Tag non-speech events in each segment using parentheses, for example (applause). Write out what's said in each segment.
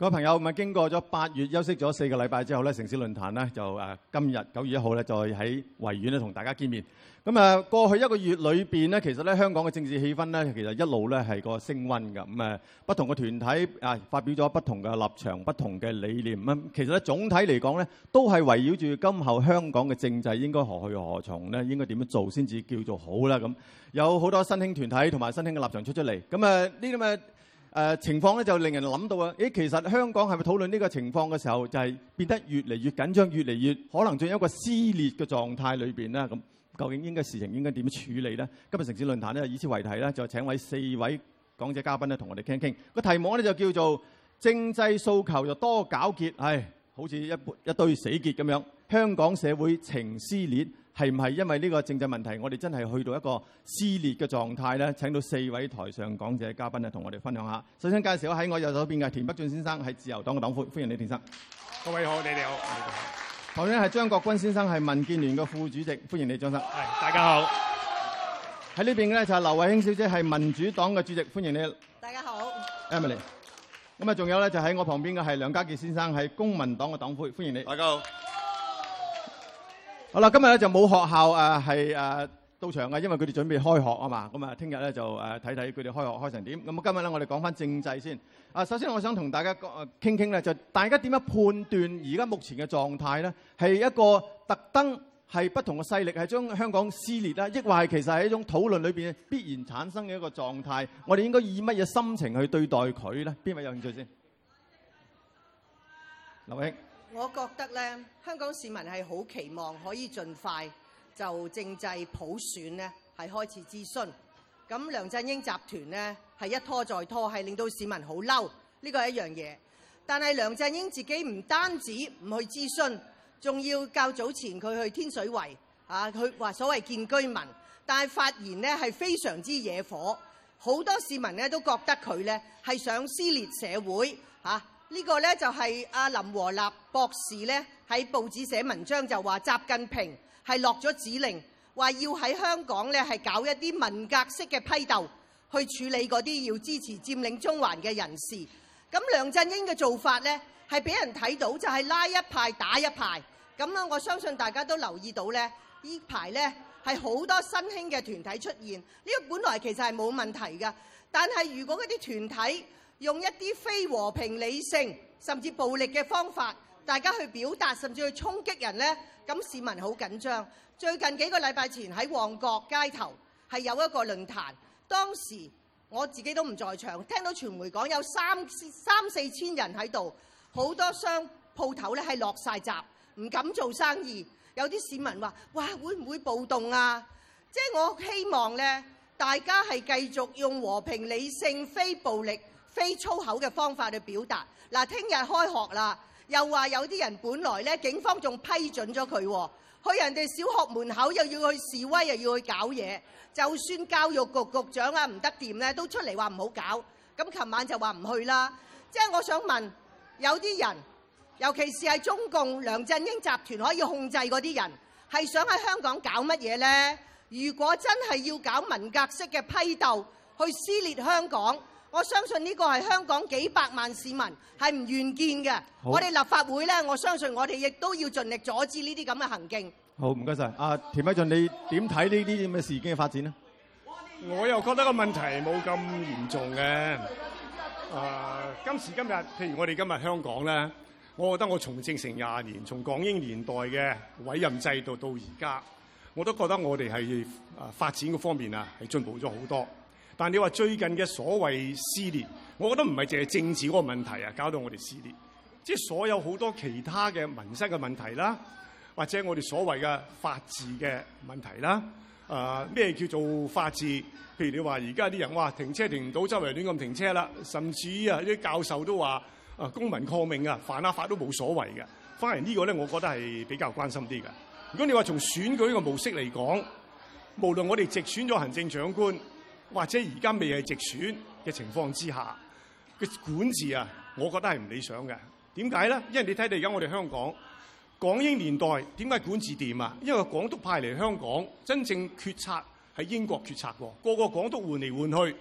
各位朋友咁啊經過咗八月休息咗四個禮拜之後咧，城市論壇咧就誒今日九月一號咧，再喺維園咧同大家見面。咁誒過去一個月裏邊咧，其實咧香港嘅政治氣氛咧，其實一路咧係個升溫㗎。咁誒不同嘅團體啊，發表咗不同嘅立場、不同嘅理念。咁其實咧總體嚟講咧，都係圍繞住今後香港嘅政制應該何去何從咧，應該點樣做先至叫做好啦。咁有好多新興團體同埋新興嘅立場出出嚟。咁誒呢啲咁嘅。誒、呃、情況咧就令人諗到啊！誒其實香港係咪討論呢個情況嘅時候，就係、是、變得越嚟越緊張，越嚟越可能進入一個撕裂嘅狀態裏邊啦。咁究竟應該事情應該點處理呢？今日城市論壇呢，以此為題呢，就請位四位講者嘉賓呢，同我哋傾傾個題目呢就叫做政制訴求又多絞結，唉、哎，好似一一堆死結咁樣，香港社會呈撕裂？係唔係因為呢個政治問題，我哋真係去到一個撕裂嘅狀態咧？請到四位台上講者嘉賓咧，同我哋分享下。首先介紹咧，喺我右手邊嘅田北俊先生係自由黨嘅黨魁，歡迎你，田生。各位好，你哋好。旁邊係張國軍先生係民建聯嘅副主席，歡迎你，張生。係。大家好。喺呢邊咧就係劉慧卿小姐係民主黨嘅主席，歡迎你。大家好。Emily。咁啊，仲有咧就喺我旁邊嘅係梁家傑先生係公民黨嘅黨魁，歡迎你。大家好。好啦，今日咧就冇學校誒係誒到場嘅，因為佢哋準備開學啊嘛。咁啊，聽日咧就誒睇睇佢哋開學開成點。咁啊，今日咧我哋講返政制先。啊，首先我想同大家講傾傾咧，就、啊、大家點樣判斷而家目前嘅狀態咧，係一個特登係不同嘅勢力係將香港撕裂啦，抑或係其實係一種討論裏邊必然產生嘅一個狀態。我哋應該以乜嘢心情去對待佢咧？邊位有興趣先？劉慧卿。我覺得咧，香港市民係好期望可以盡快就政制普選咧，係開始諮詢。咁梁振英集團咧係一拖再拖，係令到市民好嬲，呢個係一樣嘢。但係梁振英自己唔單止唔去諮詢，仲要較早前佢去天水圍啊，佢話所謂見居民，但係發言呢係非常之惹火，好多市民呢都覺得佢呢係想撕裂社會、啊呢個呢，就係阿林和立博士呢喺報紙寫文章就話習近平係落咗指令，話要喺香港呢係搞一啲文革式嘅批鬥，去處理嗰啲要支持佔領中環嘅人士。咁梁振英嘅做法呢，係俾人睇到，就係拉一派打一派。咁啦，我相信大家都留意到呢，呢排呢係好多新興嘅團體出現。呢個本來其實係冇問題嘅，但係如果嗰啲團體，用一啲非和平、理性甚至暴力嘅方法，大家去表達甚至去衝擊人咧，咁市民好緊張。最近幾個禮拜前喺旺角街頭，係有一個論壇，當時我自己都唔在場，聽到傳媒講有三三四千人喺度，好多商鋪頭咧係落晒閘唔敢做生意。有啲市民話：「哇，會唔會暴動啊？」即係我希望咧，大家係繼續用和平、理性、非暴力。非粗口嘅方法去表達。嗱，聽日開學啦，又話有啲人本來咧，警方仲批准咗佢，去人哋小學門口又要去示威，又要去搞嘢。就算教育局局長啊唔得掂咧，都出嚟話唔好搞。咁琴晚就話唔去啦。即係我想問，有啲人，尤其是係中共梁振英集團可以控制嗰啲人，係想喺香港搞乜嘢呢？如果真係要搞文革式嘅批鬥，去撕裂香港。我相信呢個係香港幾百萬市民係唔願見嘅。好我哋立法會咧，我相信我哋亦都要盡力阻止呢啲咁嘅行徑。好，唔該晒啊田北俊，你點睇呢啲咁嘅事件嘅發展咧？我又覺得個問題冇咁嚴重嘅、啊。今時今日，譬如我哋今日香港咧，我覺得我從政成廿年，從港英年代嘅委任制度到而家，我都覺得我哋係啊發展嘅方面啊，係進步咗好多。但你話最近嘅所謂撕裂，我覺得唔係淨係政治嗰個問題啊，搞到我哋撕裂，即係所有好多其他嘅民生嘅問題啦，或者我哋所謂嘅法治嘅問題啦，啊呃咩叫做法治？譬如你話而家啲人哇，停車停唔到，周圍亂咁停車啦，甚至於啊啲教授都話啊公民抗命啊，犯啊法都冇所謂嘅。反而呢個咧，我覺得係比較關心啲嘅。如果你話從選舉嘅模式嚟講，無論我哋直選咗行政長官。或者而家未係直選嘅情況之下嘅管治啊，我覺得係唔理想嘅。點解咧？因為你睇到而家我哋香港港英年代點解管治掂啊？因為港督派嚟香港，真正決策係英國決策，啊、個個港督換嚟換去，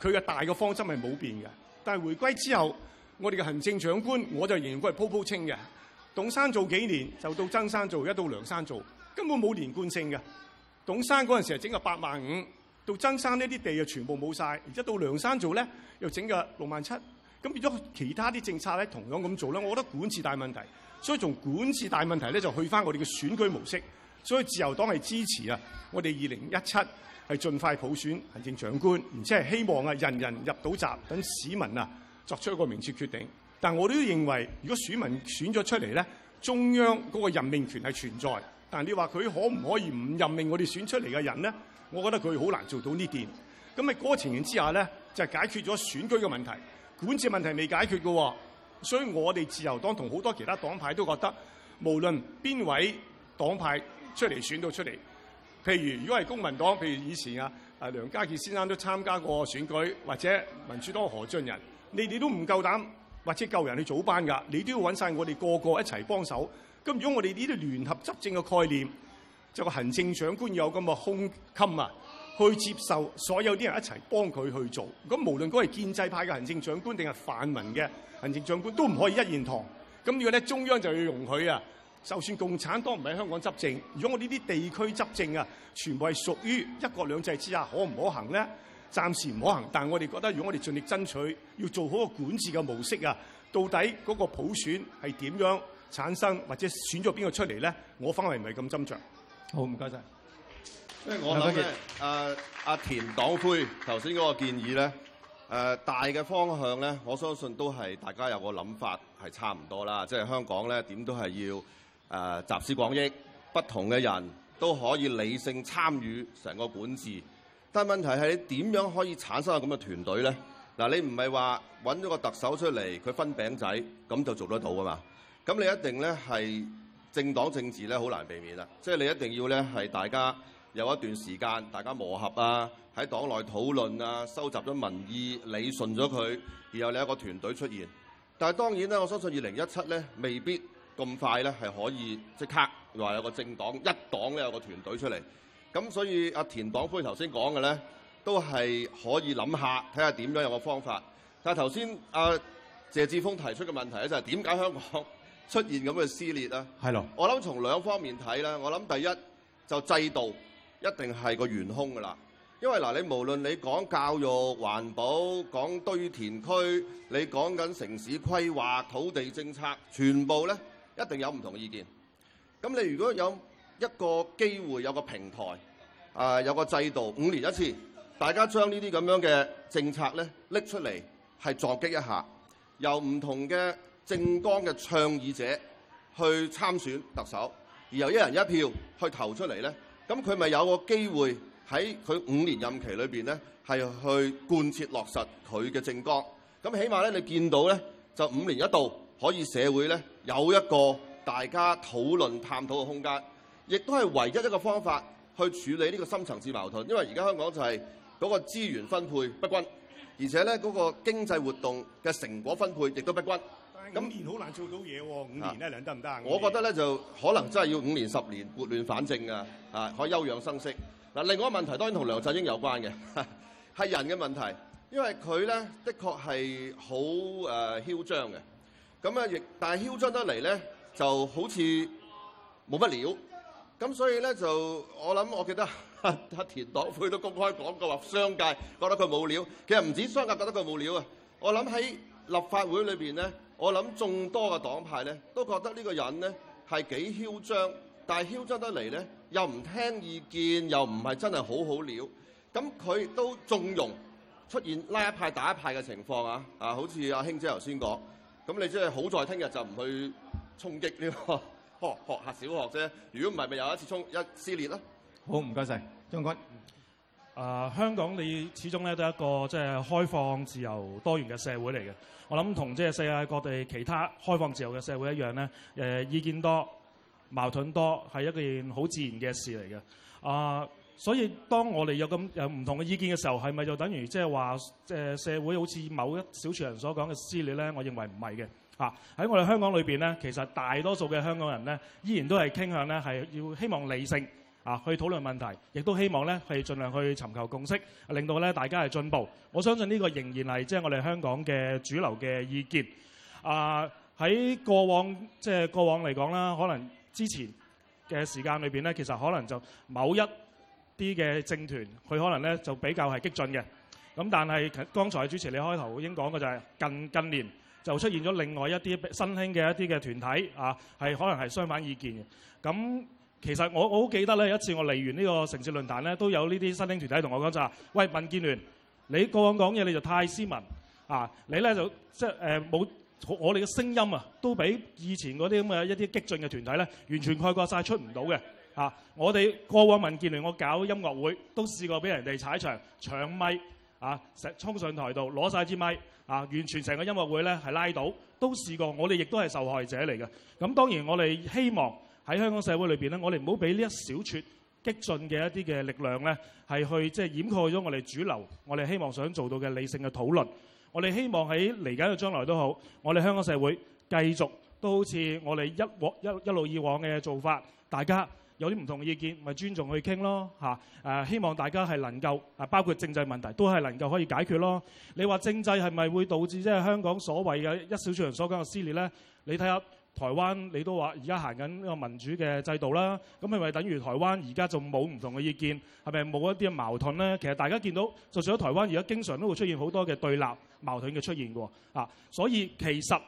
佢嘅大嘅方針係冇變嘅。但係回歸之後，我哋嘅行政長官我就形容佢係鋪鋪清嘅。董生做幾年就到曾生做，一到梁生做，根本冇連貫性嘅。董生嗰陣時係整個八萬五。到曾生呢啲地啊，全部冇晒，而家到梁生做咧，又整個六萬七，咁變咗其他啲政策咧，同樣咁做咧，我覺得管治大問題，所以從管治大問題咧，就去翻我哋嘅選舉模式，所以自由黨係支持啊，我哋二零一七係盡快普選行政長官，而且係希望啊，人人入到閘，等市民啊作出一個明確決定。但我哋都認為，如果選民選咗出嚟咧，中央嗰個任命權係存在，但係你話佢可唔可以唔任命我哋選出嚟嘅人咧？我覺得佢好難做到呢件，咁喺嗰個情形之下咧，就係、解決咗選舉嘅問題，管治問題未解決嘅、哦，所以我哋自由黨同好多其他黨派都覺得，無論邊位黨派出嚟選到出嚟，譬如如果係公民黨，譬如以前啊啊梁家傑先生都參加過選舉，或者民主黨何俊仁，你哋都唔夠膽，或者夠人去組班㗎，你都要揾晒我哋個，個個一齊幫手。咁如果我哋呢啲聯合執政嘅概念？就個行政長官有咁嘅胸襟啊，去接受所有啲人一齊幫佢去做。咁無論嗰係建制派嘅行政長官定係泛民嘅行政長官，都唔可以一言堂。咁如果咧中央就要容許啊。就算共產黨唔喺香港執政，如果我呢啲地區執政啊，全部係屬於一國兩制之下，可唔可行咧？暫時唔可行。但係我哋覺得，如果我哋盡力爭取要做好個管治嘅模式啊，到底嗰個普選係點樣產生，或者選咗邊個出嚟咧？我反而唔係咁斟酌。好，唔該晒，因為我諗咧誒阿田黨魁頭先嗰個建議咧，誒、呃、大嘅方向咧，我相信都係大家有個諗法係差唔多啦。即係香港咧，點都係要誒、呃、集思廣益，不同嘅人都可以理性參與成個管治。但係問題係你點樣可以產生咁嘅團隊咧？嗱、呃，你唔係話揾咗個特首出嚟，佢分餅仔咁就做得到噶嘛？咁你一定咧係，是政黨政治咧好難避免啊！即係你一定要咧係大家有一段時間，大家磨合啊，喺黨內討論啊，收集咗民意，理順咗佢，然後你有一個團隊出現。但係當然咧，我相信二零一七咧未必咁快咧係可以即刻話有個政黨一黨咧有個團隊出嚟。咁所以阿田黨魁頭先講嘅咧都係可以諗下，睇下點樣有個方法。但係頭先阿謝志峰提出嘅問題咧就係點解香港出現咁嘅撕裂啊！係咯的，我諗從兩方面睇咧，我諗第一就制度一定係個元兇㗎啦。因為嗱，你無論你講教育、環保、講堆填區，你講緊城市規劃、土地政策，全部咧一定有唔同嘅意見。咁你如果有一個機會，有個平台，誒，有個制度，五年一次，大家將呢啲咁樣嘅政策咧拎出嚟，係撞擊一下，由唔同嘅。政綱嘅倡議者去參選特首，而由一人一票去投出嚟呢，咁佢咪有個機會喺佢五年任期裏邊呢，係去貫徹落實佢嘅政綱。咁起碼咧，你見到呢，就五年一度可以社會呢有一個大家討論探討嘅空間，亦都係唯一一個方法去處理呢個深層次矛盾。因為而家香港就係嗰個資源分配不均，而且呢，嗰個經濟活動嘅成果分配亦都不均。咁五年好難做到嘢喎，五年咧，兩得唔得？我覺得咧就可能真係要五年十年撥亂反正啊，啊，可以休養生息。嗱，另外一個問題當然同梁振英有關嘅，係、啊、人嘅問題，因為佢咧的確係好誒囂張嘅。咁啊，亦但係囂張得嚟咧，就好似冇乜料。咁、啊、所以咧，就我諗，我記得黑、啊、田黨會都公開講過，話商界覺得佢冇料。其實唔止商界覺得佢冇料啊，我諗喺立法會裏面咧。我諗眾多嘅黨派咧，都覺得呢個人咧係幾囂張，但係囂張得嚟咧又唔聽意見，又唔係真係好好料。咁佢都縱容出現拉一派打一派嘅情況啊！啊，好似阿卿姐頭先講，咁你即係好在聽日就唔去衝擊呢、呢個學學下小學啫。如果唔係，咪有一次衝一撕裂啦、啊。好，唔該晒張君。啊、呃，香港你始終咧都一個即係開放、自由、多元嘅社會嚟嘅。我諗同即係世界各地其他開放、自由嘅社會一樣咧，誒、呃、意見多、矛盾多，係一件好自然嘅事嚟嘅。啊、呃，所以當我哋有咁有唔同嘅意見嘅時候，係咪就等於即係話誒社會好似某一小撮人所講嘅撕裂咧？我認為唔係嘅。啊，喺我哋香港裏邊咧，其實大多數嘅香港人咧，依然都係傾向咧係要希望理性。啊，去討論問題，亦都希望咧係盡量去尋求共識，令到咧大家係進步。我相信呢個仍然係即係我哋香港嘅主流嘅意見。啊，喺過往即係過往嚟講啦，可能之前嘅時間裏邊咧，其實可能就某一啲嘅政團，佢可能咧就比較係激進嘅。咁但係，剛才主持你開頭已經講嘅就係近近年就出現咗另外一啲新興嘅一啲嘅團體啊，係可能係相反意見嘅。咁其實我我好記得咧，一次我嚟完呢個城市論壇咧，都有呢啲新興團體同我講就係：喂，民建聯，你過往講嘢你就太斯文啊！你咧就即係誒冇我哋嘅聲音啊，都比以前嗰啲咁嘅一啲激進嘅團體咧，完全概括晒出唔到嘅啊。我哋過往民建聯我搞音樂會都試過俾人哋踩場搶咪啊，成衝上台度攞晒支咪啊，完全成個音樂會咧係拉倒，都試過。我哋亦都係受害者嚟嘅。咁當然我哋希望。喺香港社會裏邊咧，我哋唔好俾呢一小撮激進嘅一啲嘅力量咧，係去即係掩蓋咗我哋主流，我哋希望想做到嘅理性嘅討論。我哋希望喺嚟緊嘅將來都好，我哋香港社會繼續都好似我哋一往一一，一路以往嘅做法，大家有啲唔同嘅意見，咪尊重去傾咯嚇。誒、啊，希望大家係能夠，包括政制問題，都係能夠可以解決咯。你話政制係咪會導致即係香港所謂嘅一小撮人所講嘅撕裂咧？你睇下。台灣你都話而家行緊呢個民主嘅制度啦，咁係咪等於台灣而家就冇唔同嘅意見？係咪冇一啲嘅矛盾咧？其實大家見到，就算喺台灣，而家經常都會出現好多嘅對立、矛盾嘅出現嘅喎。所以其實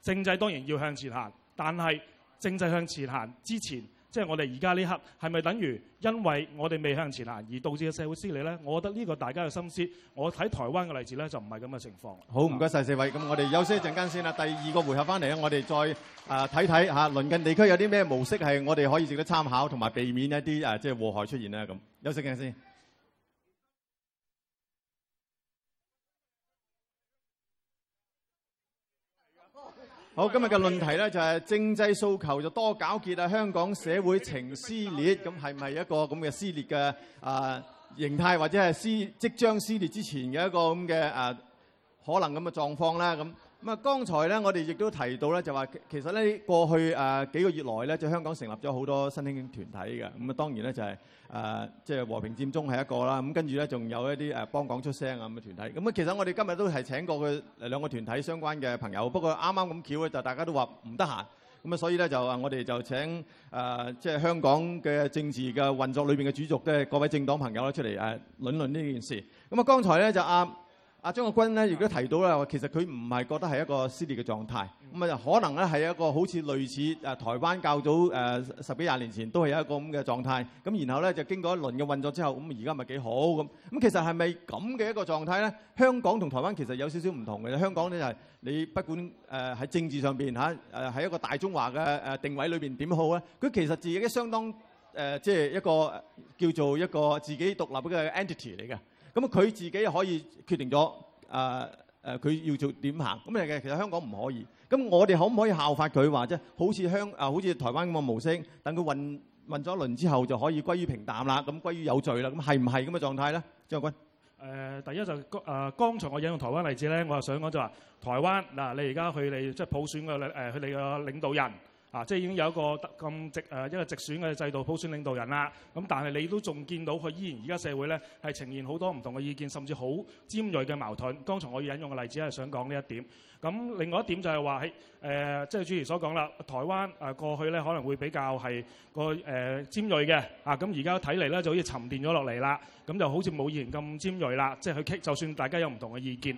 政制當然要向前行，但係政制向前行之前。即係我哋而家呢刻係咪等於因為我哋未向前行而導致嘅社會撕裂咧？我覺得呢個大家嘅心思，我睇台灣嘅例子咧就唔係咁嘅情況。好，唔該晒四位，咁我哋休息一陣間先啦。第二個回合翻嚟咧，我哋再、呃、看看啊睇睇吓鄰近地區有啲咩模式係我哋可以值得參考同埋避免一啲誒即係禍害出現咧咁。休息一陣先。好，今日嘅論題呢就係政制訴求就多絞結啊，香港社會呈撕裂，咁係唔係一個咁嘅撕裂嘅、啊、形態，或者係即將撕裂之前嘅一個咁嘅、啊、可能咁嘅狀況呢？咁啊，剛才咧，我哋亦都提到咧，就話其實咧，過去誒幾個月內咧，就香港成立咗好多新興團體嘅。咁啊，當然咧就係誒，即係和平佔中係一個啦。咁跟住咧，仲有一啲誒幫港出聲啊咁嘅團體。咁啊，其實我哋今日都係請過嘅兩個團體相關嘅朋友。不過啱啱咁巧咧，就大家都話唔得閒。咁啊，所以咧就啊，我哋就請誒，即係香港嘅政治嘅運作裏邊嘅主軸嘅各位政黨朋友咧出嚟誒論論呢件事。咁啊，剛才咧就阿，阿張國軍咧，亦都提到啦，其實佢唔係覺得係一個撕裂嘅狀態，咁啊可能咧係一個好似類似誒台灣較早誒十幾廿年前都係有一個咁嘅狀態，咁然後咧就經過一輪嘅運作之後，咁而家咪幾好咁。咁其實係咪咁嘅一個狀態咧？香港同台灣其實有少少唔同嘅，香港咧就係你不管誒喺政治上邊嚇誒喺一個大中華嘅誒定位裏邊點好咧，佢其實自己都相當誒即係一個叫做一個自己獨立嘅 entity 嚟嘅。咁佢自己可以決定咗，誒誒，佢要做點行？咁其實其實香港唔可以。咁我哋可唔可以效法佢話啫？好似香啊，好似台灣咁嘅模式，等佢混混咗一輪之後，就可以歸於平淡啦，咁歸於有序啦。咁係唔係咁嘅狀態咧？張學軍誒，第一就誒，剛才我引用台灣例子咧，我就想講就話台灣嗱，你而家去你即係普選嘅誒，佢哋嘅領導人。啊，即係已經有一個咁直誒、呃、一個直選嘅制度，普選領導人啦。咁、嗯、但係你都仲見到佢依然而家社會咧係呈現好多唔同嘅意見，甚至好尖鋭嘅矛盾。剛才我要引用嘅例子係想講呢一點。咁、嗯、另外一點就係話喺誒，即係主持所講啦，台灣誒、呃、過去咧可能會比較係個誒、呃、尖鋭嘅。啊，咁而家睇嚟咧就好似沉澱咗落嚟啦。咁就好似冇以前咁尖鋭啦。即係佢棘，就算大家有唔同嘅意見。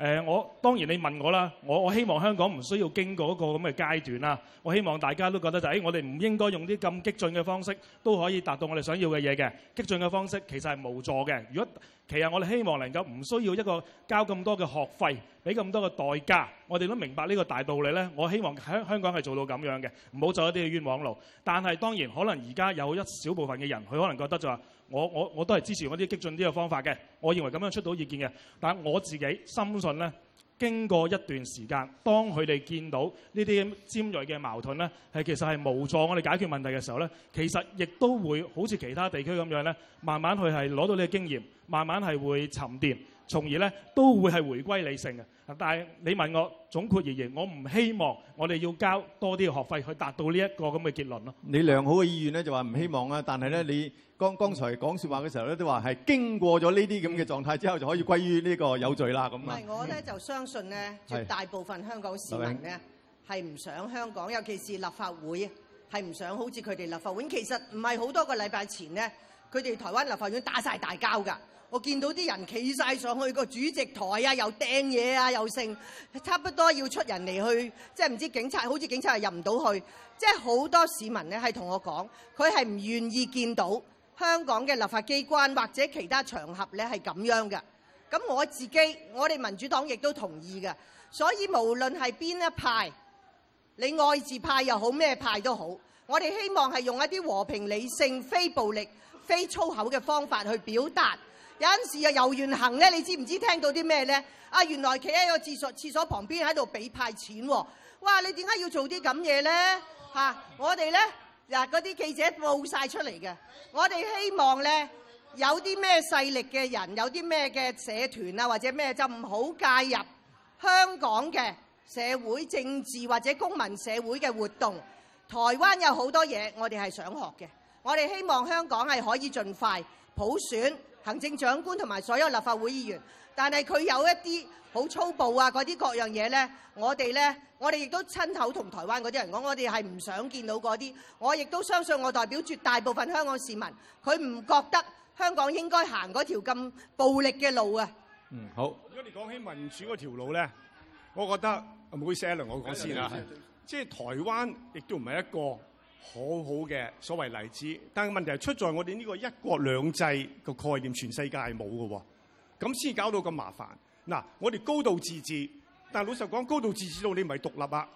誒、呃，我當然你問我啦，我我希望香港唔需要經過一個咁嘅階段啦、啊。我希望大家都覺得就誒、是哎，我哋唔應該用啲咁激進嘅方式都可以達到我哋想要嘅嘢嘅。激進嘅方式其實係無助嘅。如果其實我哋希望能夠唔需要一個交咁多嘅學費，俾咁多嘅代價，我哋都明白呢個大道理呢。我希望香港係做到咁樣嘅，唔好走一啲嘅冤枉路。但係當然可能而家有一小部分嘅人，佢可能覺得就話我我我都係支持一啲激進啲嘅方法嘅，我認為咁樣出到意見嘅。但我自己深信咧，經過一段時間，當佢哋見到呢啲尖銳嘅矛盾咧，係其實係無助我哋解決問題嘅時候咧，其實亦都會好似其他地區咁樣咧，慢慢去係攞到呢個經驗，慢慢係會沉澱。從而呢都會係回歸理性嘅，但係你問我總括而言，我唔希望我哋要交多啲學費去達到呢一個咁嘅結論咯。你良好嘅意願呢就話唔希望啊，但係咧你剛剛才講説話嘅時候咧都話係經過咗呢啲咁嘅狀態之後就可以歸於呢個有罪啦咁樣。唔係，我咧就相信咧，絕大部分香港市民咧係唔想香港，尤其是立法會係唔想，好似佢哋立法會其實唔係好多個禮拜前咧，佢哋台灣立法院打晒大交㗎。我見到啲人企晒上去個主席台啊，又掟嘢啊，又剩差不多要出人嚟去，即係唔知警察好似警察係入唔到去。即係好多市民咧係同我講，佢係唔願意見到香港嘅立法機關或者其他場合咧係咁樣嘅。咁我自己，我哋民主黨亦都同意嘅。所以無論係邊一派，你愛字派又好咩派都好，我哋希望係用一啲和平、理性、非暴力、非粗口嘅方法去表達。有陣時啊，遊完行咧，你知唔知聽到啲咩咧？啊，原來企喺個廁所廁所旁邊喺度俾派錢喎，哦！哇，你點解要做啲咁嘢咧？嚇，我哋咧嗱，嗰啲記者報晒出嚟嘅。我哋希望咧，有啲咩勢力嘅人，有啲咩嘅社團啊，或者咩就唔好介入香港嘅社會政治或者公民社會嘅活動。台灣有好多嘢，我哋係想學嘅。我哋希望香港係可以盡快普選。行政長官同埋所有立法會議員，但係佢有一啲好粗暴啊，嗰啲各樣嘢咧，我哋咧，我哋亦都親口同台灣嗰啲人講，我哋係唔想見到嗰啲。我亦都相信我代表絕大部分香港市民，佢唔覺得香港應該行嗰條咁暴力嘅路啊。嗯，好。如果你講起民主嗰條路咧，我覺得唔好意思，我講先啦。即係台灣亦都唔係一個。好好嘅所謂例子，但係問題係出在我哋呢個一國兩制個概念，全世界係冇嘅，咁先搞到咁麻煩。嗱，我哋高度自治，但係老實講，高度自治到你唔係獨立啊，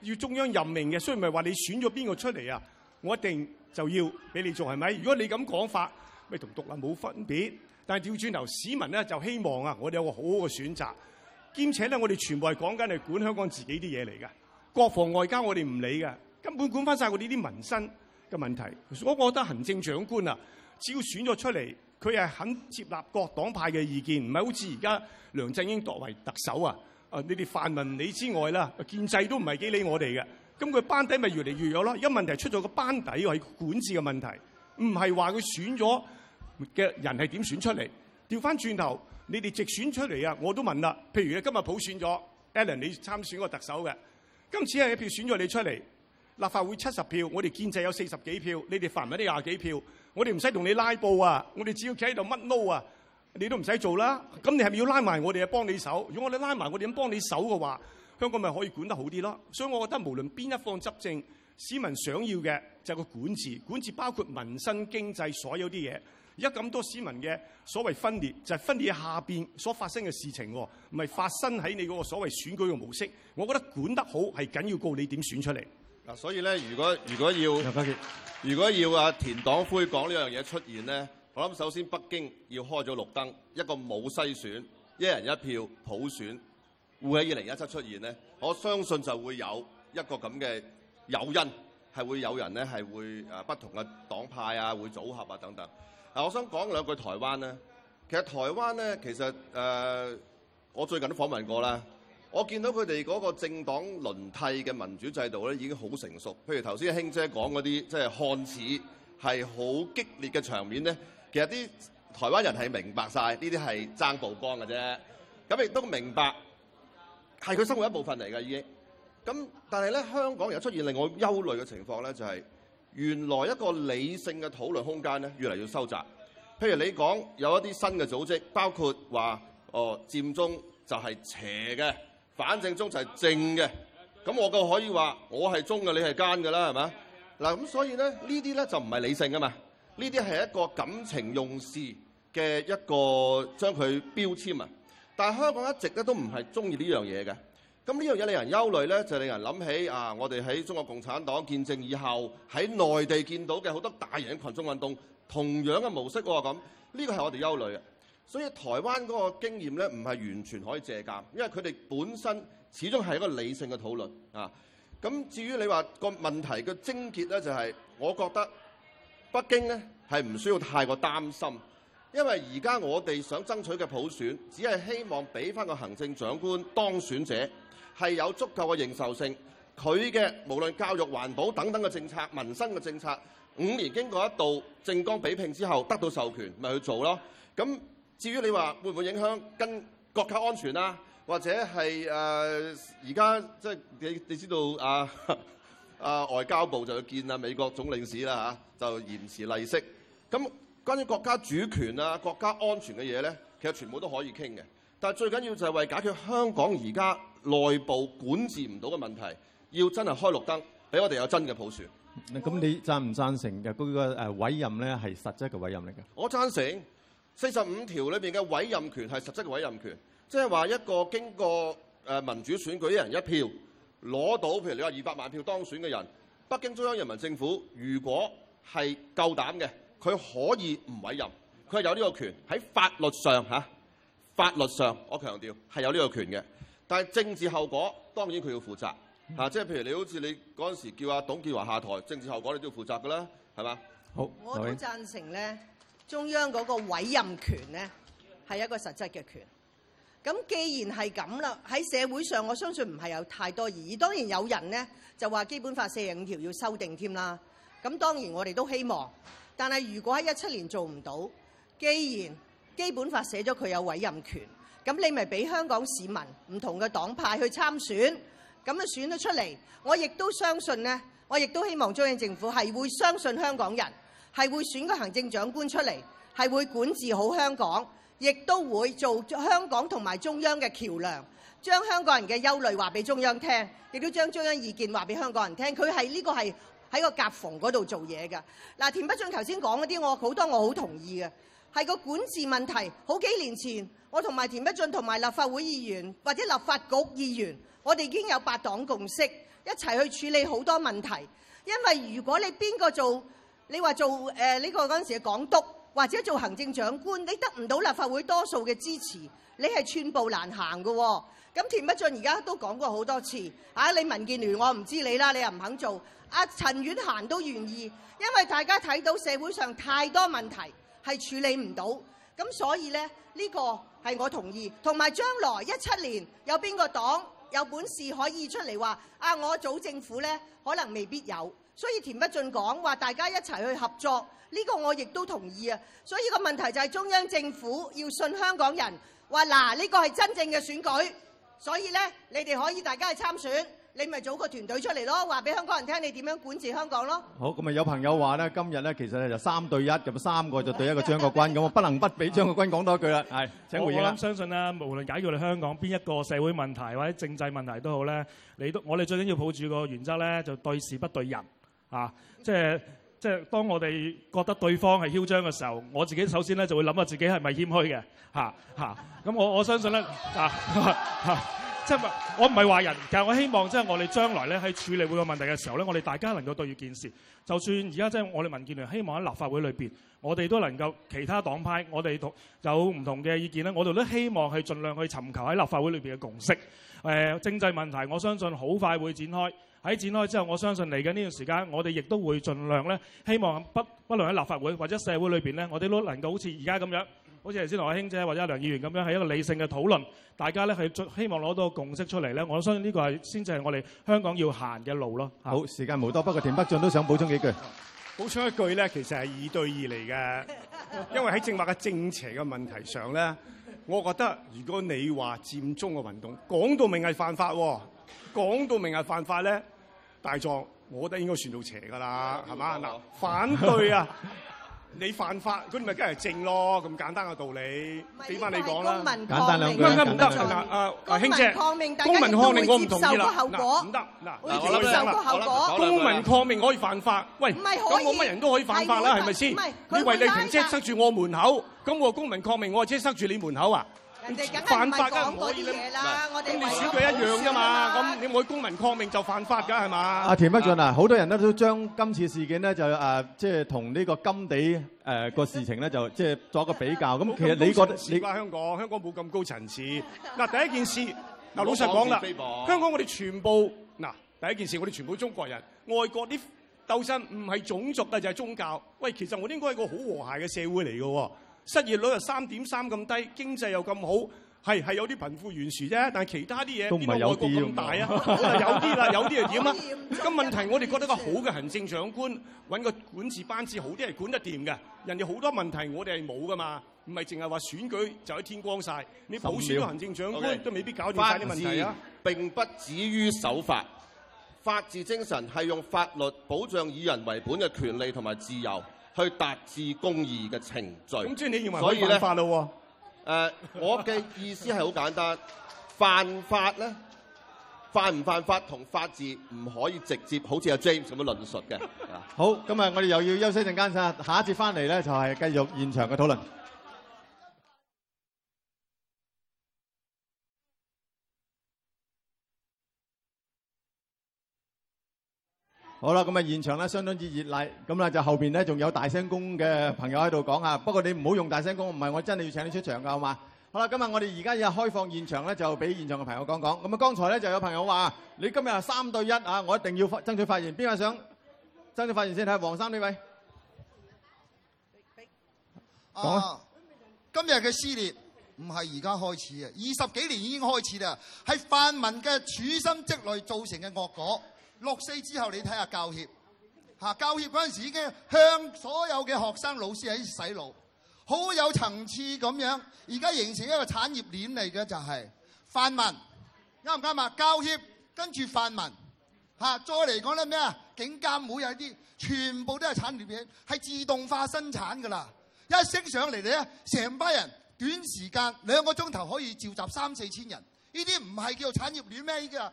要中央任命嘅，雖然唔係話你選咗邊個出嚟啊，我一定就要俾你做係咪？如果你咁講法，咪同獨立冇分別？但係調轉頭，市民咧就希望啊，我哋有個好好嘅選擇，兼且咧我哋全部係講緊係管香港自己啲嘢嚟噶，國防外交我哋唔理噶。根本管翻晒我哋啲民生嘅問題。我覺得行政長官啊，只要選咗出嚟，佢係肯接納各黨派嘅意見，唔係好似而家梁振英作為特首啊。啊，你哋泛民你之外啦，建制都唔係幾理我哋嘅。咁佢班底咪越嚟越弱咯。因為問題出咗個班底係管治嘅問題，唔係話佢選咗嘅人係點選出嚟。調翻轉頭，你哋直選出嚟啊，我都問啦。譬如你今日普選咗，Alan 你參選個特首嘅，今次係一票選咗你出嚟。立法會七十票，我哋建制有四十幾票，你哋泛民啲廿幾票，我哋唔使同你拉布啊！我哋只要企喺度乜撈啊，你都唔使做啦。咁你係咪要拉埋我哋啊？幫你手？如果我哋拉埋我哋咁幫你手嘅話，香港咪可以管得好啲咯？所以，我覺得無論邊一方執政，市民想要嘅就係個管治，管治包括民生、經濟所有啲嘢。而家咁多市民嘅所謂分裂，就係、是、分裂下邊所發生嘅事情、哦，唔係發生喺你嗰個所謂選舉嘅模式。我覺得管得好係緊要過你點選出嚟。所以咧，如果如果要如果要啊田黨魁講呢樣嘢出現咧，我諗首先北京要開咗綠燈，一個冇篩選，一人一票普選會喺二零一七出現咧，我相信就會有一個咁嘅誘因，係會有人咧，係會不同嘅黨派啊，會組合啊等等。嗱，我想講兩句台灣咧，其實台灣咧，其實、呃、我最近都訪問過啦。我見到佢哋嗰個政黨輪替嘅民主制度咧，已經好成熟。譬如頭先卿姐講嗰啲，即係看似係好激烈嘅場面咧，其實啲台灣人係明白晒，呢啲係爭曝光嘅啫。咁亦都明白係佢生活一部分嚟嘅已經。咁但係咧，香港而家出現令我憂慮嘅情況咧，就係原來一個理性嘅討論空間咧，越嚟越收窄。譬如你講有一啲新嘅組織，包括話哦佔中就係邪嘅。反正中就係正嘅，噉我就可以話我係中嘅，你係奸嘅啦，係嘛？嗱，咁所以呢啲呢就唔係理性㗎嘛，呢啲係一個感情用事嘅一個將佢標籤啊。但係香港一直都唔係中意呢樣嘢嘅，咁呢樣嘢令人憂慮呢，就令人諗起啊，我哋喺中國共產黨建政以後喺內地見到嘅好多大型群眾運動同樣嘅模式喎，咁呢個係我哋憂慮嘅。所以台灣嗰個經驗咧，唔係完全可以借鑑，因為佢哋本身始終係一個理性嘅討論啊。咁至於你話個問題嘅症結咧，就係我覺得北京咧係唔需要太過擔心，因為而家我哋想爭取嘅普選，只係希望俾翻個行政長官當選者係有足夠嘅認受性，佢嘅無論教育、環保等等嘅政策、民生嘅政策，五年經過一度政綱比拼之後得到授權，咪去做咯。咁至於你話會唔會影響跟國家安全啊，或者係誒而家即係你你知道啊啊外交部就去見啊美國總領事啦嚇、啊，就延遲利息。咁關於國家主權啊、國家安全嘅嘢咧，其實全部都可以傾嘅。但係最緊要就係為解決香港而家內部管治唔到嘅問題，要真係開綠燈俾我哋有真嘅普選。咁你贊唔贊成嘅嗰、嗰個委任咧係實質嘅委任嚟嘅？我贊成。四十五條裏邊嘅委任權係實質嘅委任權，即係話一個經過誒民主選舉一人一票攞到，譬如你話二百萬票當選嘅人，北京中央人民政府如果係夠膽嘅，佢可以唔委任，佢係有呢個權喺法律上嚇、啊，法律上我強調係有呢個權嘅。但係政治後果當然佢要負責嚇，即、啊、係譬如你好似你嗰陣時叫阿董建華下台，政治後果你都要負責㗎啦，係嘛？好，我都贊成咧。中央嗰個委任權咧係一個實質嘅權，咁既然係咁啦，喺社會上我相信唔係有太多疑義，當然有人咧就話基本法四十五條要修訂添啦。咁當然我哋都希望，但係如果喺一七年做唔到，既然基本法寫咗佢有委任權，咁你咪俾香港市民唔同嘅黨派去參選，咁啊選咗出嚟，我亦都相信咧，我亦都希望中央政府係會相信香港人。係會選個行政長官出嚟，係會管治好香港，亦都會做香港同埋中央嘅橋梁，將香港人嘅憂慮話俾中央聽，亦都將中央意見話俾香港人聽。佢係呢個係喺個夾縫嗰度做嘢㗎。嗱，田北俊頭先講嗰啲，我好多我好同意嘅，係個管治問題。好幾年前，我同埋田北俊同埋立法會議員或者立法局議員，我哋已經有八黨共識一齊去處理好多問題，因為如果你邊個做？你話做誒呢個嗰陣時嘅港督，或者做行政長官，你得唔到立法會多數嘅支持，你係寸步難行嘅，哦。咁田北俊而家都講過好多次，啊你民建聯我唔知你啦，你又唔肯做。阿、啊、陳婉嫻都願意，因為大家睇到社會上太多問題係處理唔到，咁所以呢，呢、呢個係我同意，同埋將來一七年有邊個黨有本事可以出嚟話啊我組政府呢，可能未必有。所以田北俊講話大家一齊去合作，呢個我亦都同意啊。所以個問題就係中央政府要信香港人，話嗱呢個係真正嘅選舉，所以咧你哋可以大家去參選，你咪組個團隊出嚟咯，話俾香港人聽你點樣管治香港咯。好，咁咪有朋友話咧，今日咧其實咧就三對一咁，三個就對一個張國軍咁， (laughs) 我不能不俾張國軍講多句啦。係 (laughs) 請回應啦。我相信啦，無論解決你香港邊一個社會問題或者政制問題都好咧，你都我哋最緊要抱住個原則咧，就對事不對人。啊，即係即係，當我哋覺得對方係囂張嘅時候，我自己首先咧就會諗下自己係咪謙虛嘅，嚇嚇，咁、啊啊、我我相信咧，啊，啊，啊即係我唔係話人，但我希望即係我哋將來咧喺處理每個問題嘅時候咧，我哋大家能夠對住件事。就算而家即係我哋民建聯希望喺立法會裏面，我哋都能夠其他黨派，我哋同有唔同嘅意見咧，我哋都希望係盡量去尋求喺立法會裏面嘅共識。誒、呃，政制問題我相信好快會展開。喺展開之後，我相信嚟緊呢段時間，我哋亦都會盡量咧希望不不論喺立法會或者社會裏面，我哋都能夠好似而家咁樣，好似頭先慧卿姐或者阿梁議員咁樣，係一個理性嘅討論，大家呢希望攞到個共識出嚟呢，我相信呢個係先至係我哋香港要行嘅路囉。好，時間無多，不過田北俊都想補充幾句。補充一句呢其實係二對二嚟嘅，因為喺正話嘅正邪嘅問題上呢我覺得如果你話佔中嘅運動講到明係犯法喎、啊。講到明係犯法咧，大狀，我覺得應該算到邪噶啦，係嘛嗱？反對啊！你犯法，佢哋咪梗係正咯，咁簡單嘅道理。俾翻你講啦，簡單兩句。唔得唔得，啊，兄姐，公民抗命，我唔同意啦，接受後果，唔得，嗱，嗱，我講啦，公民抗命可以犯法，喂，咁冇乜人都可以犯法啦，係咪先？你為你停車塞住我門口，咁我公民抗命我車塞住你門口啊？犯法嘅唔可以，咁你選舉一樣啫嘛。咁你唔會公民抗命就犯法嘅係嘛？阿田北俊啊，好多人咧都將今次事件咧就誒，即係同呢個甘地誒個事情咧就即係作一個比較。咁其實你覺得你話香港香港冇咁高層次。嗱第一件事嗱，老實講啦，香港我哋全部嗱第一件事，我哋全部中國人，外國啲鬥爭唔係種族啊，就係宗教。喂，其實我應該係個好和諧嘅社會嚟嘅。失業率又三點三咁低，經濟又咁好，係係有啲貧富懸殊啫。但係其他啲嘢邊有外國咁大啊？ (laughs) 有啲啦，有啲係點啊？咁問題，我哋覺得個好嘅行政長官揾 (laughs) 個管治班子好啲係管得掂嘅。人哋好多問題我哋係冇噶嘛。唔係淨係話選舉就喺天光晒，你普選咗行政長官、okay. 都未必搞掂曬啲問題啊！並不止於守法，法治精神係用法律保障以人為本嘅權利同埋自由，去達至公義嘅程序，所以咧，誒以、 (laughs) 呃，我嘅意思係好簡單，犯法咧，犯唔犯法同法治唔可以直接，好似阿 James 咁樣論述嘅。 (laughs) 好，咁我哋又要休息陣間啦，下一節翻嚟咧就係、是、繼續現場嘅討論。好啦，咁啊現場咧相當之熱烈，咁咧就後面咧仲有大聲公嘅朋友喺度講啊。不過你唔好用大聲公，唔係我真係要請你出場㗎，好嘛？好啦，咁啊我哋而家要開放現場咧，就俾現場嘅朋友講講。咁啊剛才咧就有朋友話：你今日三對一啊，我一定要發爭取發言。邊個想爭取發言先睇下？黃生呢位。講。啊。今日嘅撕裂唔係而家開始嘅，二十幾年已經開始啦，係泛民嘅處心積慮造成嘅惡果。六四之後，你睇下教協嚇，教協嗰陣時已經向所有嘅學生老師喺洗腦，好有層次咁樣。而家形成一個產業鏈嚟嘅就係、是、泛民，啱唔啱啊？教協跟住泛民嚇，再嚟講咧咩啊？警監會有啲，全部都係產業鏈，係自動化生產噶啦。一升上嚟咧，成班人短時間兩個鐘頭可以召集三四千人，呢啲唔係叫做產業鏈咩？依家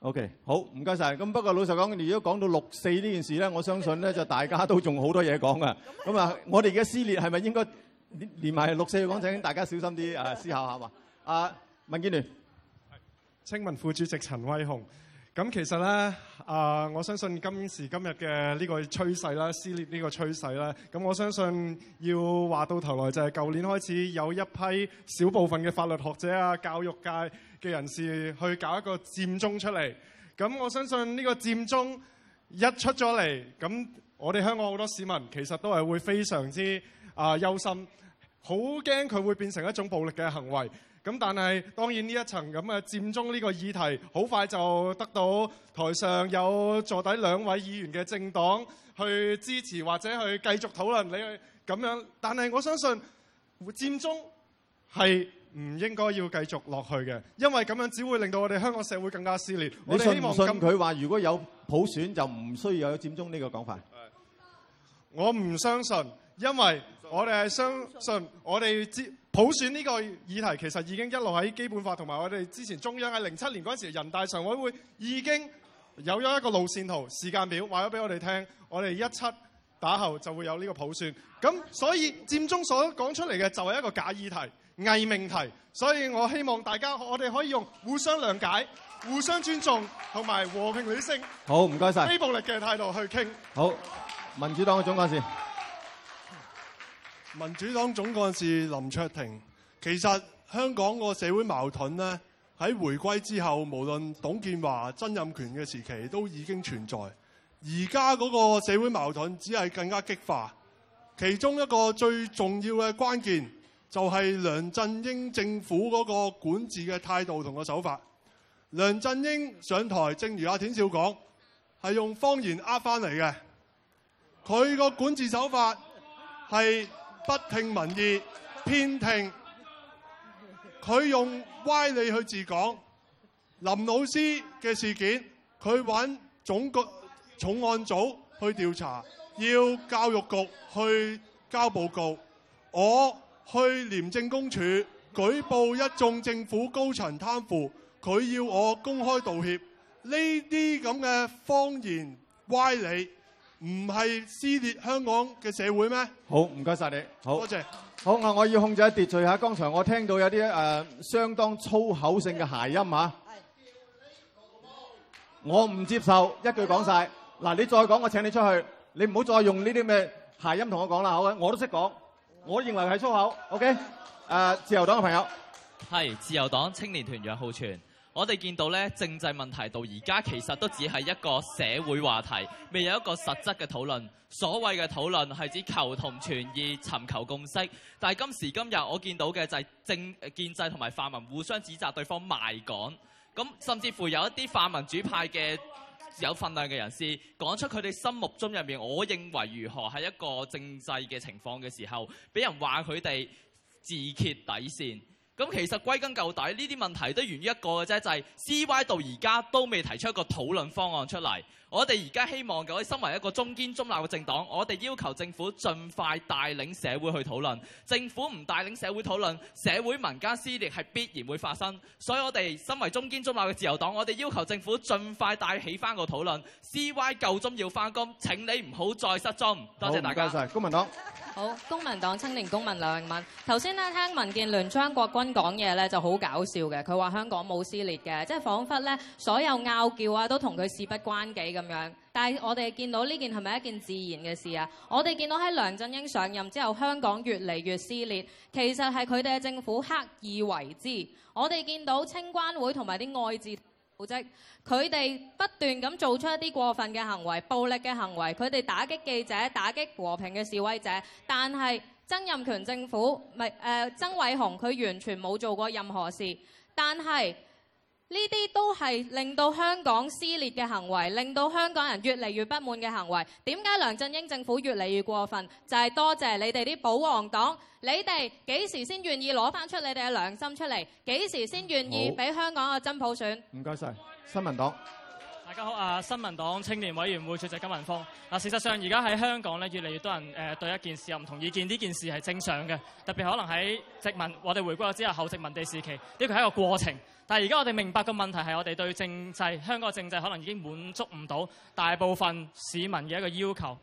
O.K. 好，唔該晒。咁不過老實講，如果講到六四呢件事咧，我相信咧就大家都仲好多嘢講噶。咁啊，我哋嘅撕裂係咪應該連連埋六四講？請大家小心啲啊，思考一下嘛。 (laughs) 啊，民建聯青民副主席陳偉雄。咁其實咧，啊、呃，我相信今時今日嘅呢個趨勢啦，撕裂呢個趨勢啦，咁我相信要話到頭來就係舊年開始有一批小部分嘅法律學者啊、教育界嘅人士去搞一個佔中出嚟。咁我相信呢個佔中一出咗嚟，咁我哋香港好多市民其實都係會非常之啊、呃、憂心，好驚佢會變成一種暴力嘅行為。咁但係當然呢一層咁嘅佔中呢個議題，好快就得到台上有坐底兩位議員嘅政黨去支持或者去繼續討論你去咁樣。但係我相信佔中係唔應該要繼續落去嘅，因為咁樣只會令到我哋香港社會更加撕裂。你信唔信我哋希望信佢話如果有普選就唔需要有佔中呢個講法？我唔相信，因為。我哋係相信，我哋之普選呢個議題其實已經一路喺基本法同埋我哋之前中央喺零七年嗰陣時人大常委會已經有咗一個路線圖、時間表，話咗俾我哋聽，我哋一七打後就會有呢個普選。咁所以佔中所講出嚟嘅就係一個假議題、偽命題，所以我希望大家我哋可以用互相諒解、互相尊重同埋和平理性，好唔該晒，謝謝非暴力嘅態度去傾。好，民主黨嘅總幹事。民主黨總幹事林卓廷，其實香港個社會矛盾呢，喺回歸之後，無論董建華、曾蔭權嘅時期都已經存在，而家嗰個社會矛盾只係更加激化。其中一個最重要嘅關鍵就係梁振英政府嗰個管治嘅態度同個手法。梁振英上台，正如阿田少講，係用謊言呃返嚟嘅。佢個管治手法係。不聽民意，偏聽佢用歪理去自講。林老師嘅事件，佢搵總局重案組去調查，要教育局去交報告。我去廉政公署舉報一眾政府高層貪腐，佢要我公開道歉。呢啲咁嘅謊言歪理，唔係撕裂香港嘅社會咩？好，唔該晒你。好，多謝。好，我我要控制一秩序下。剛才我聽到有啲誒相當粗口性嘅諧音吓、啊、係我唔接受一句講晒。嗱，你再講我請你出去。你唔好再用呢啲咩諧音同我講啦，好嘅。我都識講，我認為係粗口。O K，誒自由黨嘅朋友，係自由黨青年團楊浩全。我哋見到呢，政制問題到而家其實都只係一個社會話題，未有一個實質嘅討論。所謂嘅討論係指求同存異、尋求共識，但係今時今日我見到嘅就係政建制同埋泛民互相指責對方賣港，咁甚至乎有一啲泛民主派嘅有份量嘅人士講出佢哋心目中入面，我認為如何係一個政制嘅情況嘅時候，俾人話佢哋自揭底線。咁其實歸根究底，呢啲問題都源於一個嘅啫，就係、是、CY 到而家都未提出一個討論方案出嚟。我哋而家希望嘅，我哋身為一個中堅中立嘅政黨，我哋要求政府盡快帶領社會去討論。政府唔帶領社會討論，社會民間撕裂係必然會發生。所以我哋身為中堅中立嘅自由黨，我哋要求政府盡快帶起返個討論。CY 夠鐘要返工，請你唔好再失蹤。多謝大家，曬公民黨。好，公民黨青年公民劉泳文。頭先呢，聽民建聯張國軍講嘢呢就好搞笑嘅，佢話香港冇撕裂嘅，即係彷彿呢，所有拗撬啊都同佢事不關己的。咁樣，但係我哋見到呢件係咪一件自然嘅事啊？我哋見到喺梁振英上任之後，香港越嚟越撕裂，其實係佢哋嘅政府刻意為之。我哋見到青關會同埋啲愛字組織，佢哋不斷咁做出一啲過分嘅行為、暴力嘅行為，佢哋打擊記者、打擊和平嘅示威者。但係曾蔭權政府係誒曾偉雄，佢完全冇做過任何事，但係。呢啲都係令到香港撕裂嘅行為，令到香港人越嚟越不滿嘅行為。點解梁振英政府越嚟越過分？就係、是、多謝你哋啲保皇黨，你哋幾時先願意攞翻出你哋嘅良心出嚟？幾時先願意俾香港嘅真普選？唔該晒，謝謝 Sir，新民黨。大家好，啊新民黨青年委員會主席金文峰。嗱，事實上而家喺香港咧，越嚟越多人誒對一件事有唔同意見，呢件事係正常嘅。特別可能喺殖民，我哋回歸咗之後後殖民地時期，呢個係一個過程。但係而家我哋明白嘅問題，係我哋對政制，香港嘅政制可能已經滿足唔到大部分市民嘅一個要求。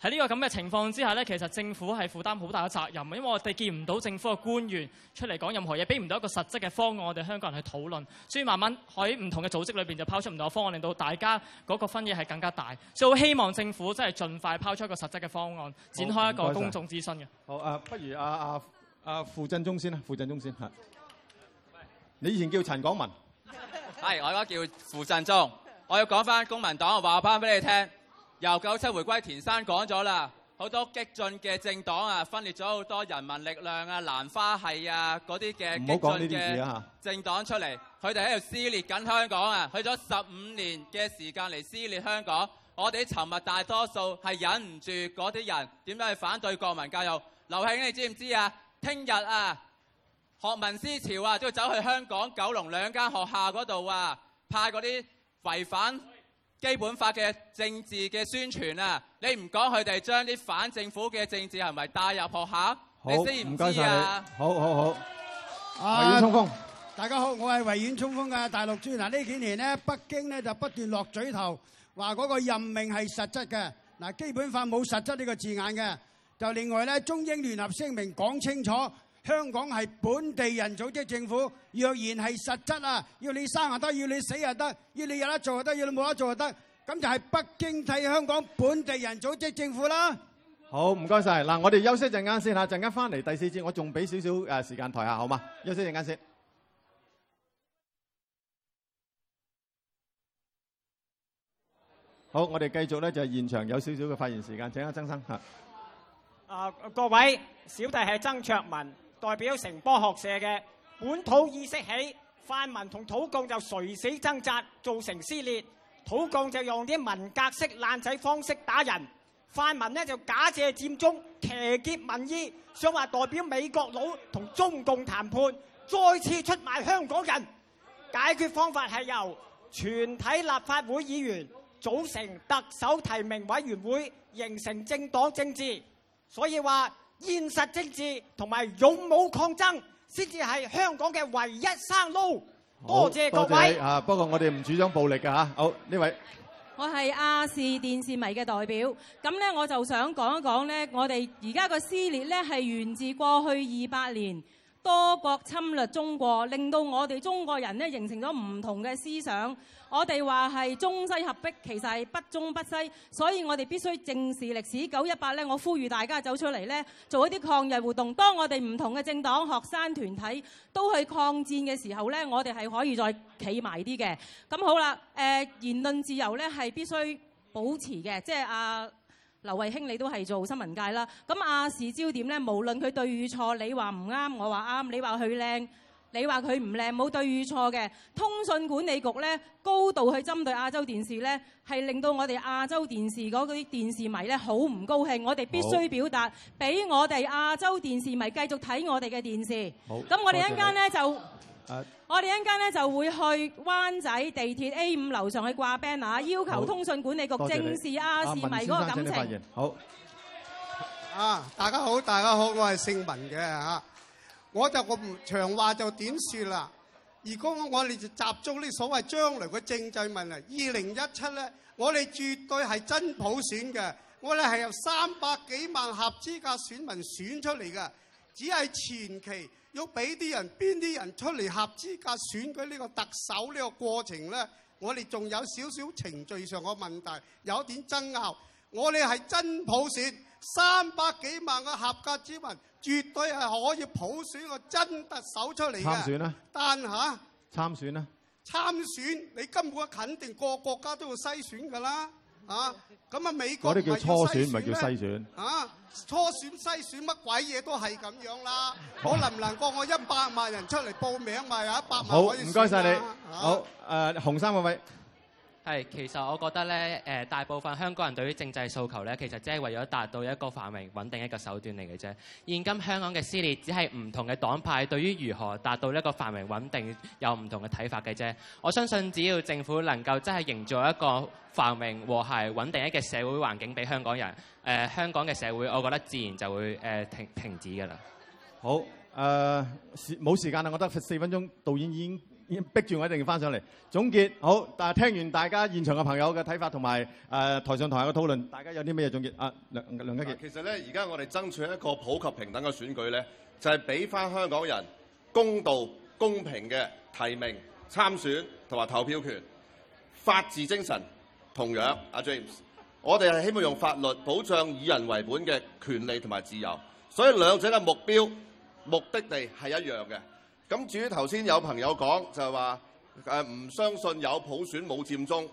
喺呢個咁嘅情況之下咧，其實政府係負擔好大嘅責任，因為我哋見唔到政府嘅官員出嚟講任何嘢，俾唔到一個實質嘅方案，我哋香港人去討論。所以慢慢喺唔同嘅組織裏邊就拋出唔同嘅方案，令到大家嗰個分野係更加大。所以好希望政府真係盡快拋出一個實質嘅方案，好展開一個公眾諮詢嘅。好啊，不如阿阿傅振中先啊，傅振中先吓。你以前叫陳廣文，係我而家叫傅振中。我要講翻公民黨，我話翻俾你聽。由九七回歸，田生講咗啦，好多激進嘅政黨啊，分裂咗好多人民力量啊、蘭花系啊嗰啲嘅激進嘅政黨出嚟，佢哋喺度撕裂緊香港啊！去咗十五年嘅時間嚟撕裂香港，我哋啲沉默大多數係忍唔住嗰啲人點樣去反對國民教育？劉慶，你知唔知啊？聽日啊！學民思潮啊，都要走去香港九龍兩間學校嗰度啊，派嗰啲違反基本法嘅政治嘅宣傳啊！你唔講佢哋將啲反政府嘅政治行為帶入學校？好你知唔知謝謝啊？好好好，維園衝鋒，大家好，我係維園衝鋒嘅大陸豬。嗱、啊、呢幾年呢，北京呢就不斷落嘴頭，話嗰個任命係實質嘅，嗱、啊、基本法冇實質呢個字眼嘅。就另外咧，中英聯合聲明講清楚。香港係本地人組織政府，若然係實質啊，要你生又得，要你死又得，要你有得做又得，要你冇得做又得，咁就係北京替香港本地人組織政府啦。好，唔該晒，嗱，我哋休息陣間先嚇，陣間翻嚟第四節我仲俾少少誒時間台下好嘛？休息陣間先。好，我哋繼續咧就係現場有少少嘅發言時間，請阿曾生嚇。啊各位，小弟係曾卓文。代表城邦學社嘅本土意識起，泛民同土共就垂死掙扎，造成撕裂。土共就用啲文革式爛仔方式打人，泛民呢就假借佔中騎劫民意，想話代表美國佬同中共談判，再次出賣香港人。解決方法係由全體立法會議員組成特首提名委員會，形成政黨政治。所以話，現實政治同埋勇武抗爭先至係香港嘅唯一生路。多謝各位吓，不過我哋唔主張暴力㗎吓。好，呢位，我係亞視電視迷嘅代表。咁咧，我就想講一講咧，我哋而家個撕裂咧係源自過去二百年。多國侵略中國，令到我哋中國人咧形成咗唔同嘅思想。我哋話係中西合璧，其實係不中不西，所以我哋必須正視歷史。九一八咧，我呼籲大家走出嚟咧，做一啲抗日活動。當我哋唔同嘅政黨、學生團體都去抗戰嘅時候咧，我哋係可以再企埋啲嘅。咁好啦，呃，言論自由咧係必須保持嘅，即係啊。劉慧卿，你都係做新聞界啦。咁亞視焦點咧，無論佢對與錯，你話唔啱，我話啱，你話佢靚，你話佢唔靚，冇對與錯嘅。通訊管理局咧，高度去針對亞洲電視咧，係令到我哋亞洲電視嗰啲電視迷咧好唔高興。我哋必須表達，俾我哋亞洲電視迷繼續睇我哋嘅電視。咁好我哋一間咧就。Uh, 我哋一陣間咧就會去灣仔地鐵 A 五樓上去掛 band，要求通訊管理局正視市民嗰個感情。好，啊大家好，大家好，我係姓文嘅嚇。我就個唔長話就點説啦？如果我哋就集中呢，所謂將來嘅政制問題，二零一七咧，我哋絕對係真普選嘅。我哋係由三百幾萬合資格選民選出嚟嘅，只係前期。要俾啲人，邊啲人出嚟合資格選舉呢個特首呢個過程咧？我哋仲有少少程序上嘅問題，有啲爭拗。我哋係真普選，三百幾萬嘅合格之民，絕對係可以普選個真特首出嚟嘅。參選啦、啊！但下、啊、參選啦、啊！參選你根本肯定個國家都要篩選㗎啦。啊！咁啊，美國嗰啲叫初選，唔係叫篩選。啊！初選篩選乜鬼嘢都係咁樣啦！好，能唔能過我一百萬人出嚟報名，咪有一百萬可好，唔該晒，你。好，誒、呃，紅衫嗰位。係，其實我覺得咧，誒、呃、大部分香港人對於政制訴求咧，其實只係為咗達到一個繁榮穩定一個手段嚟嘅啫。現今香港嘅撕裂只係唔同嘅黨派對於如何達到一個繁榮穩定有唔同嘅睇法嘅啫。我相信只要政府能夠真係營造一個繁榮和諧穩定一個社會環境俾香港人，誒、呃、香港嘅社會，我覺得自然就會誒、呃、停停止㗎啦。好，誒、呃、冇時間啦，我得四分鐘，導演已經。已經逼住我一定要翻上嚟。總結。好，但係聽完大家現場嘅朋友嘅睇法同埋、呃、台上台下嘅討論，大家有啲咩嘢總結？阿、啊、梁梁家傑，其實咧，而家我哋爭取一個普及平等嘅選舉咧，就係俾翻香港人公道、公平嘅提名、參選同埋投票權。法治精神同樣，阿、嗯啊、James，我哋係希望用法律保障以人為本嘅權利同埋自由，所以兩者嘅目標目的地係一樣嘅。咁至於頭先有朋友講就係話誒唔相信有普選冇佔中，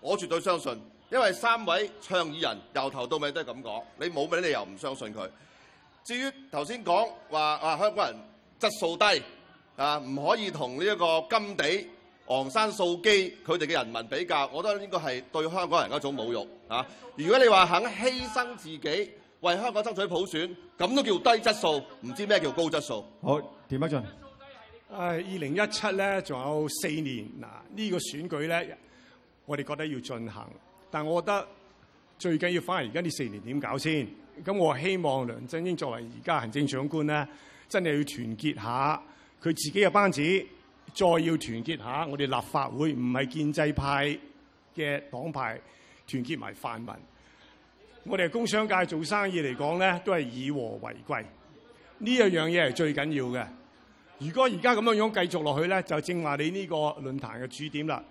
我絕對相信，因為三位倡議人由頭到尾都係咁講，你冇咩理由唔相信佢。至於頭先講話啊，香港人質素低啊，唔可以同呢一個甘地昂山素姬佢哋嘅人民比較，我覺得應該係對香港人一種侮辱。如果你話肯犧牲自己為香港爭取普選，咁都叫低質素，唔知咩叫高質素。好，田北俊。哎，二零一七咧，仲有四年嗱，呢個選舉咧，我哋覺得要進行。但我覺得最緊要，反而而家呢四年點搞先？咁我希望梁振英作為而家行政長官咧，真係要團結下佢自己嘅班子，再要團結下我哋立法會，唔係建制派嘅黨派團結埋泛民。我哋係工商界做生意嚟講咧，都係以和為貴，呢一樣嘢係最緊要嘅。如果而家咁樣樣繼續落去咧，就正話你呢個論壇嘅主點啦。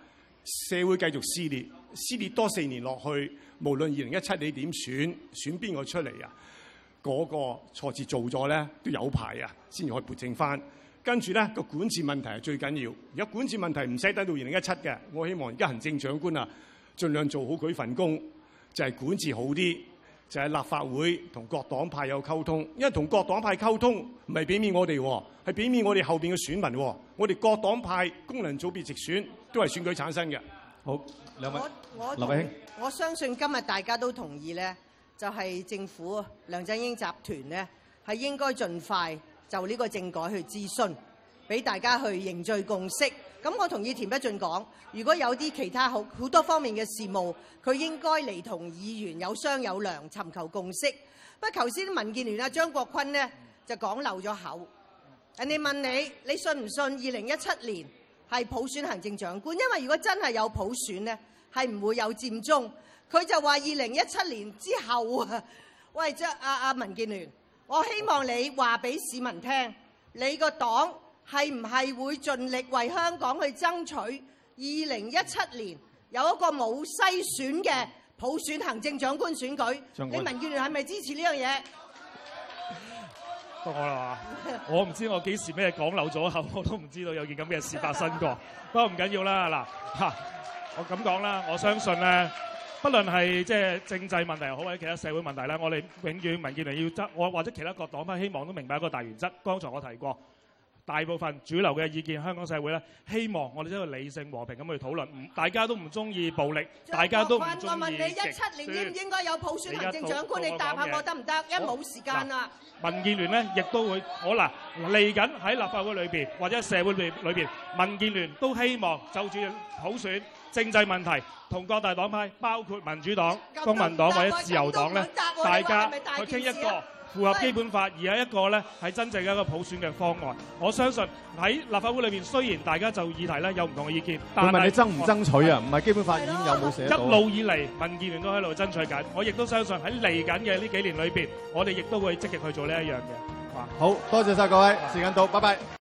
社會繼續撕裂，撕裂多四年落去，無論二零一七你點選，選邊個出嚟啊？嗰、那個錯字做咗咧，都有排啊，先至可以撥正翻。跟住咧，個管治問題係最緊要。而家管治問題唔使等到二零一七嘅，我希望而家行政長官啊，盡量做好佢份工，就係、是、管治好啲。就係立法會同各黨派有溝通，因為同各黨派溝通唔係俾面我哋，係俾面我哋後邊嘅選民。我哋各黨派功能組別直選都係選舉產生嘅。好，兩位，我我劉慧卿，我相信今日大家都同意咧，就係、是、政府梁振英集團咧係應該盡快就呢個政改去諮詢，俾大家去凝聚共識。咁我同意田北俊講，如果有啲其他好好多方面嘅事務，佢應該嚟同議員有商有量，尋求共識。不過頭先民建聯啊張國鈞呢，就講漏咗口，人哋問你，你信唔信二零一七年係普選行政長官？因為如果真係有普選呢，係唔會有佔中。佢就話二零一七年之後啊，喂即係阿阿民建聯，我希望你話俾市民聽，你個黨。係唔係會盡力為香港去爭取二零一七年有一個冇篩選嘅普選行政長官選舉？你民建聯係咪支持呢樣嘢？長官 不 (laughs) 我啦我唔知我幾時咩講漏咗口，我都唔知道有件咁嘅事發生過。 (laughs) 不過唔緊要啦，嗱嚇，我咁講啦，我相信咧，不論係即係政制問題又好，或者其他社會問題咧，我哋永遠民建聯要執我或者其他各黨派，希望都明白一個大原則。剛才我提過。大部分主流嘅意見，香港社會咧，希望我哋一個理性和平咁去討論，唔大家都唔中意暴力，大家都唔中意。我問你，一七年應唔應該有普選行政長官？你答下我得唔得？一冇時間啦。民建聯咧，亦都會，好啦嚟緊喺立法會裏邊或者社會裏邊，民建聯都希望就住普選政制問題，同各大黨派，包括民主黨、公民黨或者自由黨咧，大家去傾一個，符合基本法，而係一個咧係真正嘅一個普選嘅方案。我相信喺立法會裏邊，雖然大家就議題咧有唔同嘅意見，但問題係爭唔爭取呀？唔係基本法已經有冇寫？一路以嚟，民建聯都喺度爭取緊。我亦都相信喺嚟緊嘅呢幾年裏邊，我哋亦都會積極去做呢一樣嘢。好多謝晒各位，拜拜，時間到，拜拜。